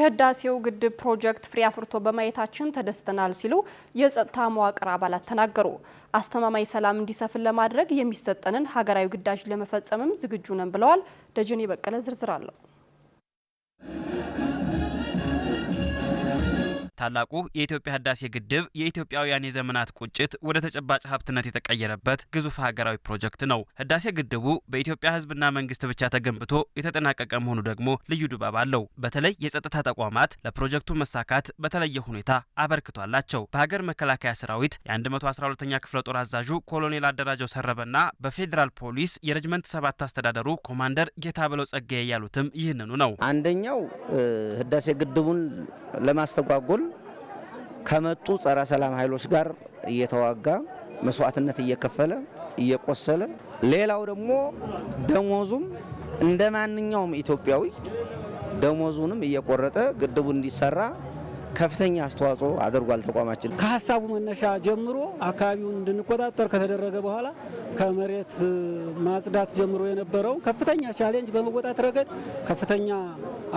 የህዳሴው ግድብ ፕሮጀክት ፍሬ አፍርቶ በማየታችን ተደስተናል ሲሉ የጸጥታ መዋቅር አባላት ተናገሩ። አስተማማኝ ሰላም እንዲሰፍን ለማድረግ የሚሰጠንን ሀገራዊ ግዳጅ ለመፈጸምም ዝግጁ ነን ብለዋል። ደጀኔ በቀለ ዝርዝር አለው። ታላቁ የኢትዮጵያ ህዳሴ ግድብ የኢትዮጵያውያን የዘመናት ቁጭት ወደ ተጨባጭ ሀብትነት የተቀየረበት ግዙፍ ሀገራዊ ፕሮጀክት ነው። ህዳሴ ግድቡ በኢትዮጵያ ህዝብና መንግስት ብቻ ተገንብቶ የተጠናቀቀ መሆኑ ደግሞ ልዩ ድባብ አለው። በተለይ የጸጥታ ተቋማት ለፕሮጀክቱ መሳካት በተለየ ሁኔታ አበርክቷላቸው። በሀገር መከላከያ ሰራዊት የ112ኛ ክፍለ ጦር አዛዡ ኮሎኔል አደራጀው ሰረበና በፌዴራል ፖሊስ የረጅመንት ሰባት አስተዳደሩ ኮማንደር ጌታ ብለው ጸጋዬ ያሉትም ይህንኑ ነው። አንደኛው ህዳሴ ግድቡን ለማስተጓጎል ከመጡ ጸረ ሰላም ኃይሎች ጋር እየተዋጋ መስዋዕትነት እየከፈለ እየቆሰለ፣ ሌላው ደግሞ ደሞዙም እንደ ማንኛውም ኢትዮጵያዊ ደሞዙንም እየቆረጠ ግድቡ እንዲሰራ ከፍተኛ አስተዋጽኦ አድርጓል። ተቋማችን ከሀሳቡ መነሻ ጀምሮ አካባቢውን እንድንቆጣጠር ከተደረገ በኋላ ከመሬት ማጽዳት ጀምሮ የነበረው ከፍተኛ ቻሌንጅ በመወጣት ረገድ ከፍተኛ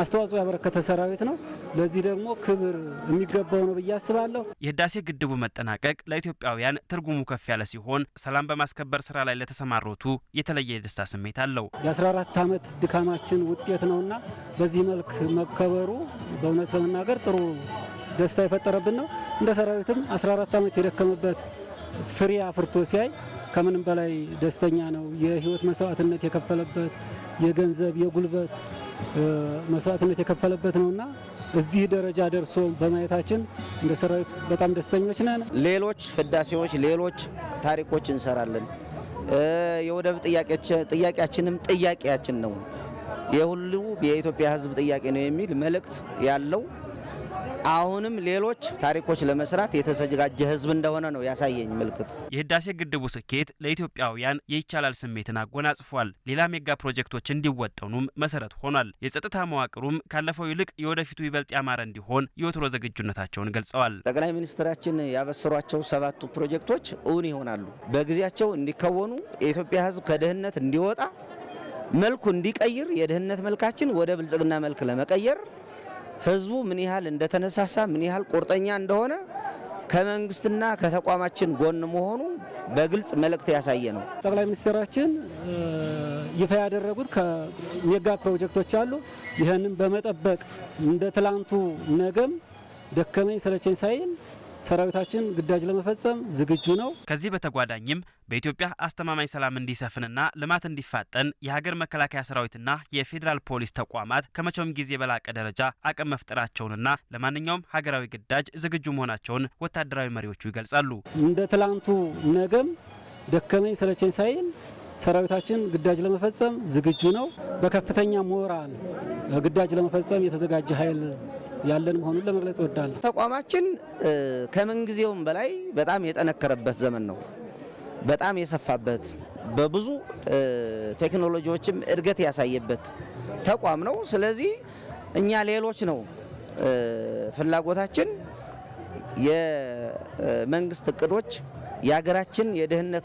አስተዋጽኦ ያበረከተ ሰራዊት ነው። ለዚህ ደግሞ ክብር የሚገባው ነው ብዬ አስባለሁ። የህዳሴ ግድቡ መጠናቀቅ ለኢትዮጵያውያን ትርጉሙ ከፍ ያለ ሲሆን፣ ሰላም በማስከበር ስራ ላይ ለተሰማሮቱ የተለየ የደስታ ስሜት አለው። የ14 ዓመት ድካማችን ውጤት ነውና በዚህ መልክ መከበሩ በእውነት ለመናገር ጥሩ ደስታ የፈጠረብን ነው። እንደ ሰራዊትም 14 ዓመት የደከመበት ፍሬ አፍርቶ ሲያይ ከምንም በላይ ደስተኛ ነው። የህይወት መስዋዕትነት የከፈለበት የገንዘብ የጉልበት መስዋዕትነት የከፈለበት ነውና እዚህ ደረጃ ደርሶ በማየታችን እንደ ሰራዊት በጣም ደስተኞች ነን። ሌሎች ህዳሴዎች፣ ሌሎች ታሪኮች እንሰራለን። የወደብ ጥያቄያችንም ጥያቄያችን ነው፣ የሁሉ የኢትዮጵያ ህዝብ ጥያቄ ነው የሚል መልእክት ያለው አሁንም ሌሎች ታሪኮች ለመስራት የተዘጋጀ ህዝብ እንደሆነ ነው ያሳየኝ ምልክት። የህዳሴ ግድቡ ስኬት ለኢትዮጵያውያን የይቻላል ስሜትን አጎናጽፏል። ሌላ ሜጋ ፕሮጀክቶች እንዲወጠኑም መሰረት ሆኗል። የጸጥታ መዋቅሩም ካለፈው ይልቅ የወደፊቱ ይበልጥ ያማረ እንዲሆን የወትሮ ዝግጁነታቸውን ገልጸዋል። ጠቅላይ ሚኒስትራችን ያበሰሯቸው ሰባቱ ፕሮጀክቶች እውን ይሆናሉ። በጊዜያቸው እንዲከወኑ የኢትዮጵያ ህዝብ ከድህነት እንዲወጣ መልኩ እንዲቀይር የድህነት መልካችን ወደ ብልጽግና መልክ ለመቀየር ህዝቡ ምን ያህል እንደተነሳሳ ምን ያህል ቁርጠኛ እንደሆነ ከመንግስትና ከተቋማችን ጎን መሆኑ በግልጽ መልእክት ያሳየ ነው። ጠቅላይ ሚኒስትራችን ይፋ ያደረጉት ከሜጋ ፕሮጀክቶች አሉ። ይህንም በመጠበቅ እንደ ትላንቱ ነገም ደከመኝ ሰለቸኝ ሳይል ሰራዊታችን ግዳጅ ለመፈጸም ዝግጁ ነው። ከዚህ በተጓዳኝም በኢትዮጵያ አስተማማኝ ሰላም እንዲሰፍንና ልማት እንዲፋጠን የሀገር መከላከያ ሰራዊትና የፌዴራል ፖሊስ ተቋማት ከመቼውም ጊዜ በላቀ ደረጃ አቅም መፍጠራቸውንና ለማንኛውም ሀገራዊ ግዳጅ ዝግጁ መሆናቸውን ወታደራዊ መሪዎቹ ይገልጻሉ። እንደ ትላንቱ ነገም ደከመኝ ሰለቸኝ ሳይል ሰራዊታችን ግዳጅ ለመፈጸም ዝግጁ ነው። በከፍተኛ ሞራል ግዳጅ ለመፈጸም የተዘጋጀ ኃይል ያለን መሆኑን ለመግለጽ እወዳለሁ። ተቋማችን ከምንጊዜውም በላይ በጣም የጠነከረበት ዘመን ነው። በጣም የሰፋበት በብዙ ቴክኖሎጂዎችም እድገት ያሳየበት ተቋም ነው። ስለዚህ እኛ ሌሎች ነው ፍላጎታችን የመንግስት እቅዶች የሀገራችን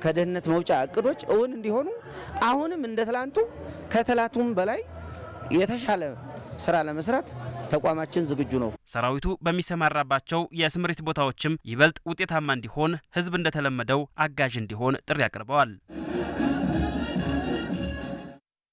ከደህንነት መውጫ እቅዶች እውን እንዲሆኑ አሁንም እንደ ትላንቱ ከትላንቱም በላይ የተሻለ ስራ ለመስራት ተቋማችን ዝግጁ ነው። ሰራዊቱ በሚሰማራባቸው የስምሪት ቦታዎችም ይበልጥ ውጤታማ እንዲሆን ህዝብ እንደተለመደው አጋዥ እንዲሆን ጥሪ አቅርበዋል።